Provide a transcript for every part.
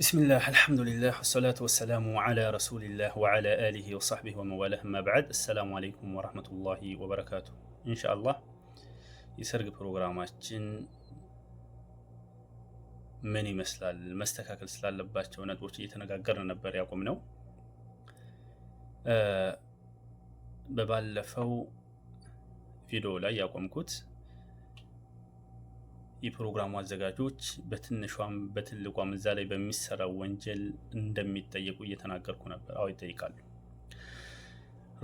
بسم الله الحمد لله والصلاة والسلام على رسول الله وعلى آله وصحبه ومواله ما بعد السلام عليكم ورحمة الله وبركاته إن شاء الله يسرق ፕሮግራማችን ምን ይመስላል መስተካከል ስላለባቸው ነጥቦች እየተነጋገርን ነበር ببال لفو በባለፈው لا ላይ ያቆምኩት የፕሮግራሙ አዘጋጆች በትንሿም በትልቋም እዛ ላይ በሚሰራው ወንጀል እንደሚጠየቁ እየተናገርኩ ነበር። አዎ ይጠይቃሉ።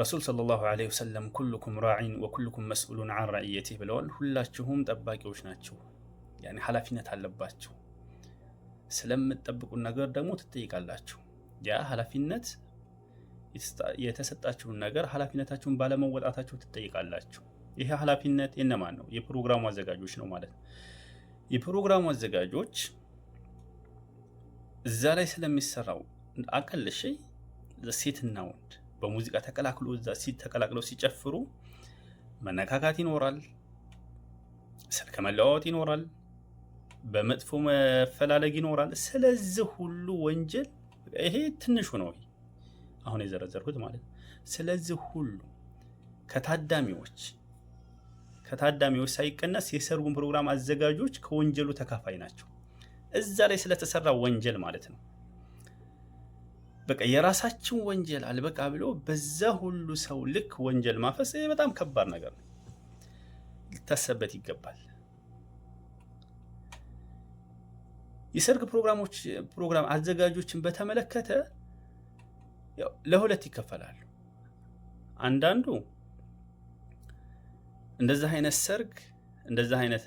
ረሱል ሰለላሁ ዐለይሂ ወሰለም ኩልኩም ራዒን ወኩልኩም መስኡሉን አን ራእየቲህ ብለዋል። ሁላችሁም ጠባቂዎች ናችሁ፣ ያኔ ኃላፊነት አለባችሁ። ስለምትጠብቁን ነገር ደግሞ ትጠይቃላችሁ። ያ ኃላፊነት የተሰጣችሁን ነገር ኃላፊነታችሁን ባለመወጣታችሁ ትጠይቃላችሁ። ይህ ኃላፊነት የነማን ነው? የፕሮግራሙ አዘጋጆች ነው ማለት ነው። የፕሮግራሙ አዘጋጆች እዛ ላይ ስለሚሰራው አቀልሼ ሴትና ወንድ በሙዚቃ ተቀላቅሎ እዛ ተቀላቅለው ሲጨፍሩ መነካካት ይኖራል፣ ስልክ መለዋወጥ ይኖራል፣ በመጥፎ መፈላለግ ይኖራል። ስለዚህ ሁሉ ወንጀል ይሄ ትንሹ ነው፣ አሁን የዘረዘርኩት ማለት ነው። ስለዚህ ሁሉ ከታዳሚዎች ከታዳሚዎች ሳይቀነስ የሰርጉን ፕሮግራም አዘጋጆች ከወንጀሉ ተካፋይ ናቸው። እዛ ላይ ስለተሰራ ወንጀል ማለት ነው። በቃ የራሳችን ወንጀል አልበቃ ብሎ በዛ ሁሉ ሰው ልክ ወንጀል ማፈስ በጣም ከባድ ነገር ነው፣ ሊታሰበት ይገባል። የሰርግ ፕሮግራሞች ፕሮግራም አዘጋጆችን በተመለከተ ለሁለት ይከፈላሉ። አንዳንዱ እንደዚህ አይነት ሰርግ እንደዚህ አይነት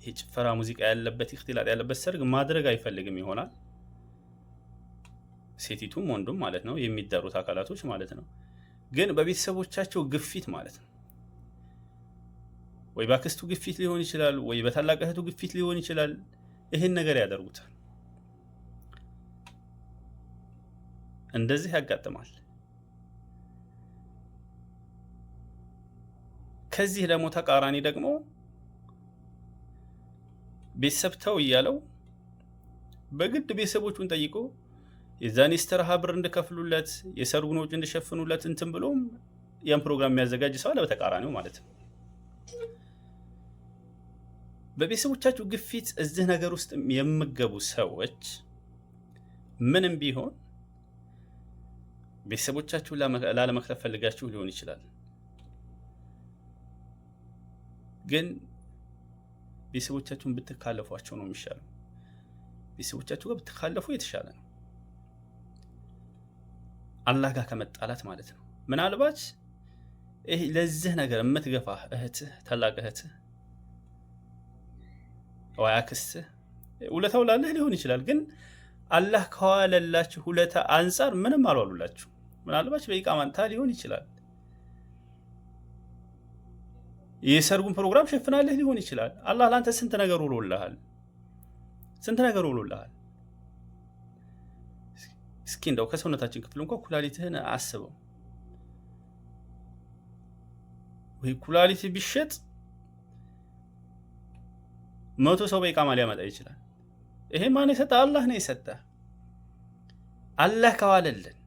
ይሄ ጭፈራ ሙዚቃ ያለበት ይክትላጥ ያለበት ሰርግ ማድረግ አይፈልግም ይሆናል ሴቲቱም ወንዱም ማለት ነው የሚጠሩት አካላቶች ማለት ነው። ግን በቤተሰቦቻቸው ግፊት ማለት ነው ወይ በአክስቱ ግፊት ሊሆን ይችላል፣ ወይ በታላቅ እህቱ ግፊት ሊሆን ይችላል። ይህን ነገር ያደርጉታል። እንደዚህ ያጋጥማል። ከዚህ ደግሞ ተቃራኒ ደግሞ ቤተሰብ ተው እያለው በግድ ቤተሰቦቹን ጠይቆ የዛን ስተር ሀብር እንድከፍሉለት የሰርጉን ወጪ እንድሸፍኑለት እንትን ብሎም ያን ፕሮግራም የሚያዘጋጅ ሰው አለ። በተቃራኒው ማለት ነው። በቤተሰቦቻችሁ ግፊት እዚህ ነገር ውስጥ የምገቡ ሰዎች ምንም ቢሆን ቤተሰቦቻችሁ ላለመክተፍ ፈልጋችሁ ሊሆን ይችላል። ግን ቤተሰቦቻችሁን ብትካለፏቸው ነው የሚሻለው። ቤተሰቦቻችሁ ጋር ብትካለፉ የተሻለ ነው፣ አላህ ጋር ከመጣላት ማለት ነው። ምናልባት ለዚህ ነገር የምትገፋ እህትህ፣ ታላቅ እህትህ ወይ አክስትህ ውለታው ላለህ ሊሆን ይችላል። ግን አላህ ከዋለላችሁ ውለታ አንጻር ምንም አልዋሉላችሁ። ምናልባት በኢቃማንታ ሊሆን ይችላል የሰርጉን ፕሮግራም ሸፍናለህ ሊሆን ይችላል። አላህ ለአንተ ስንት ነገር ውሎልሃል፣ ስንት ነገር ውሎልሃል። እስኪ እንደው ከሰውነታችን ክፍል እንኳ ኩላሊትህን አስበው። ወይ ኩላሊት ቢሸጥ መቶ ሰው በኢቃማ ሊያመጣ ይችላል። ይሄ ማን የሰጠ? አላህ ነው የሰጠ። አላህ ከዋለልን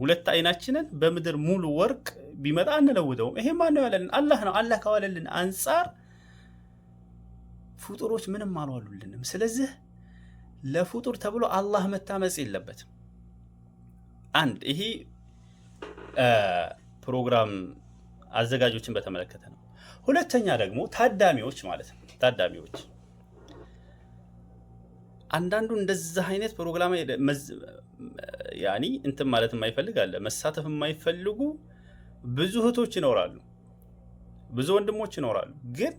ሁለት አይናችንን በምድር ሙሉ ወርቅ ቢመጣ አንለውደውም። ይሄ ማን ነው ያለልን? አላህ ነው። አላህ ከዋለልን አንጻር ፍጡሮች ምንም አልዋሉልንም። ስለዚህ ለፍጡር ተብሎ አላህ መታመጽ የለበትም። አንድ ይሄ ፕሮግራም አዘጋጆችን በተመለከተ ነው። ሁለተኛ ደግሞ ታዳሚዎች ማለት ነው ታዳሚዎች አንዳንዱ እንደዛ አይነት ፕሮግራም ያኒ እንትን ማለት የማይፈልግ አለ። መሳተፍ የማይፈልጉ ብዙ እህቶች ይኖራሉ፣ ብዙ ወንድሞች ይኖራሉ። ግን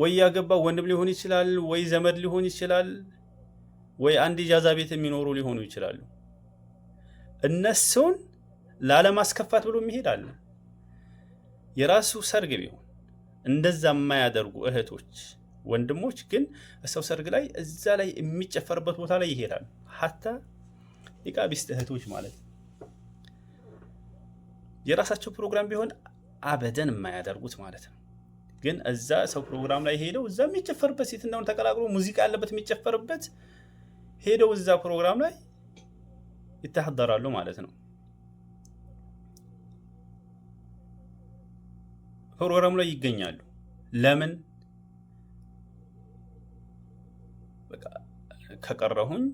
ወይ ያገባ ወንድም ሊሆን ይችላል፣ ወይ ዘመድ ሊሆን ይችላል፣ ወይ አንድ ኢጃዛ ቤት የሚኖሩ ሊሆኑ ይችላሉ። እነሱን ላለማስከፋት ብሎ የሚሄድ አለ። የራሱ ሰርግ ቢሆን እንደዛ የማያደርጉ እህቶች ወንድሞች ግን ሰው ሰርግ ላይ እዛ ላይ የሚጨፈርበት ቦታ ላይ ይሄዳል። ሀታ የቃቢስት እህቶች ማለት የራሳቸው ፕሮግራም ቢሆን አበደን የማያደርጉት ማለት ነው። ግን እዛ ሰው ፕሮግራም ላይ ሄደው እዛ የሚጨፈርበት ሴት እንደሆነ ተቀላቅሎ ሙዚቃ ያለበት የሚጨፈርበት ሄደው እዛ ፕሮግራም ላይ ይታደራሉ ማለት ነው። ፕሮግራሙ ላይ ይገኛሉ። ለምን ከቀረሁኝ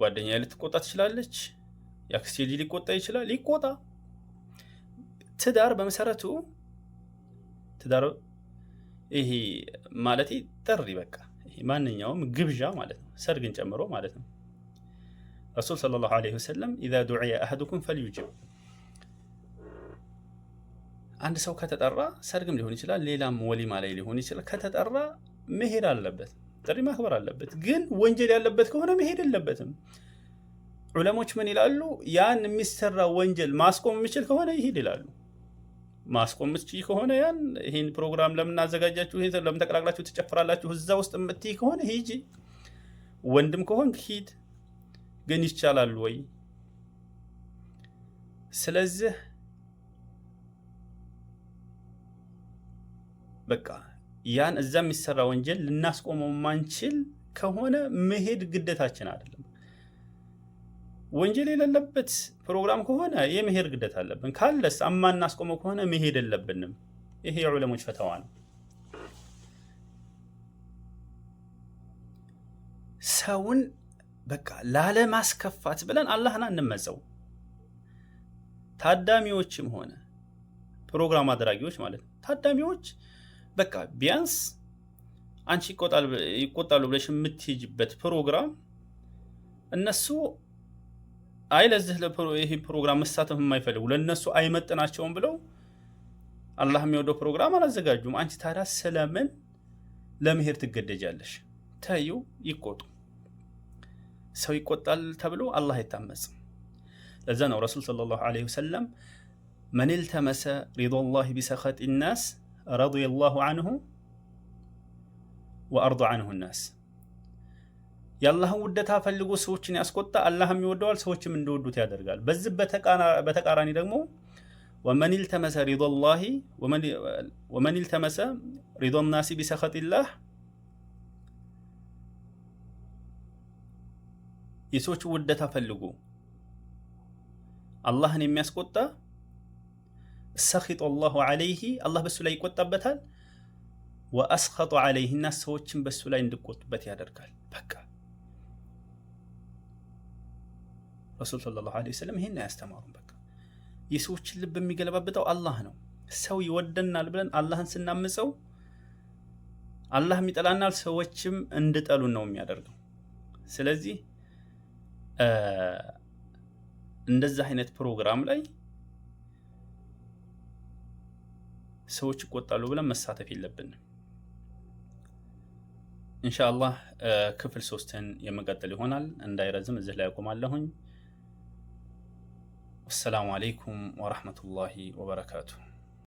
ጓደኛ ልትቆጣ ትችላለች፣ የአክስቴ ልጅ ሊቆጣ ይችላል። ይቆጣ። ትዳር በመሰረቱ ትዳር ይሄ ማለት ጥሪ በቃ ማንኛውም ግብዣ ማለት ነው፣ ሰርግን ጨምሮ ማለት ነው። ረሱል ሰለላሁ ዐለይሂ ወሰለም ኢዛ ዱዕየ አህዱኩም ፈልዩጅብ፣ አንድ ሰው ከተጠራ ሰርግም ሊሆን ይችላል፣ ሌላም ወሊማ ላይ ሊሆን ይችላል። ከተጠራ መሄድ አለበት። ጥሪ ማክበር አለበት። ግን ወንጀል ያለበት ከሆነ መሄድ የለበትም። ዑለሞች ምን ይላሉ? ያን የሚሰራ ወንጀል ማስቆም የሚችል ከሆነ ይሄድ ይላሉ። ማስቆም የምትችይ ከሆነ ያን ይህን ፕሮግራም ለምን አዘጋጃችሁ? ለምን ተቀላቅላችሁ ትጨፍራላችሁ? እዛ ውስጥ የምትይ ከሆነ ሂጂ፣ ወንድም ከሆን ሂድ። ግን ይቻላል ወይ? ስለዚህ በቃ ያን እዛ የሚሰራ ወንጀል ልናስቆመው ማንችል ከሆነ መሄድ ግደታችን አይደለም። ወንጀል የሌለበት ፕሮግራም ከሆነ የመሄድ ግደት አለብን። ካለስ አማናስቆመው ከሆነ መሄድ የለብንም። ይሄ የዑለሞች ፈተዋ ነው። ሰውን በቃ ላለማስከፋት ብለን አላህን እንመፀው ታዳሚዎችም ሆነ ፕሮግራም አድራጊዎች ማለት ነው ታዳሚዎች በቃ ቢያንስ አንቺ ይቆጣሉ ብለሽ የምትሄጅበት ፕሮግራም እነሱ አይ ለዚህ ይሄ ፕሮግራም መሳተፍ የማይፈልጉ ለእነሱ አይመጥናቸውም ብለው አላህ የሚወደው ፕሮግራም አላዘጋጁም። አንቺ ታዲያ ስለምን ለመሄድ ትገደጃለሽ? ተዩ ይቆጡ። ሰው ይቆጣል ተብሎ አላህ አይታመጽም። ለዛ ነው ረሱል ሰለላሁ ዐለይሂ ወሰለም መን ልተመሰ ሪዶላህ ቢሰኸጢ ናስ ረዲየላሁ አንሁ ወአርዱ አንሁ ናስ የአላህን ውደታ ፈልጎ ሰዎችን ያስቆጣ አላህም ይወደዋል፣ ሰዎችም እንደወዱት ያደርጋል። በዚህ በተቃራኒ ደግሞ ወመን ልተመሰ ሪዶላሂ ወመን ልተመሰ ሪዶ ናሲ ቢሰኸጢላህ የሰዎች ውደታ ፈልጎ አላህን የሚያስቆጣ ሰኺጠ አላሁ ዓለይሂ አላህ በሱ ላይ ይቆጣበታል። ወአስኸጡ ዓለይሂ እና ሰዎችን በሱ ላይ እንዲቆጡበት ያደርጋል። በቃ ረሱል ሰለላሁ ዓለይሂ ወሰለም ይህን አያስተማሩም። በቃ የሰዎችን ልብ የሚገለባብጠው አላህ ነው። ሰው ይወደናል ብለን አላህን ስናምፀው አላህም ይጠላናል፣ ሰዎችም እንድጠሉን ነው የሚያደርገው። ስለዚህ እንደዚህ አይነት ፕሮግራም ላይ ሰዎች ይቆጣሉ ብለን መሳተፍ የለብንም። ኢንሻአላህ ክፍል ሶስትን የመቀጠል ይሆናል። እንዳይረዝም እዚህ ላይ አቆማለሁኝ። አሰላሙ አለይኩም ወረህመቱላሂ ወበረካቱሁ።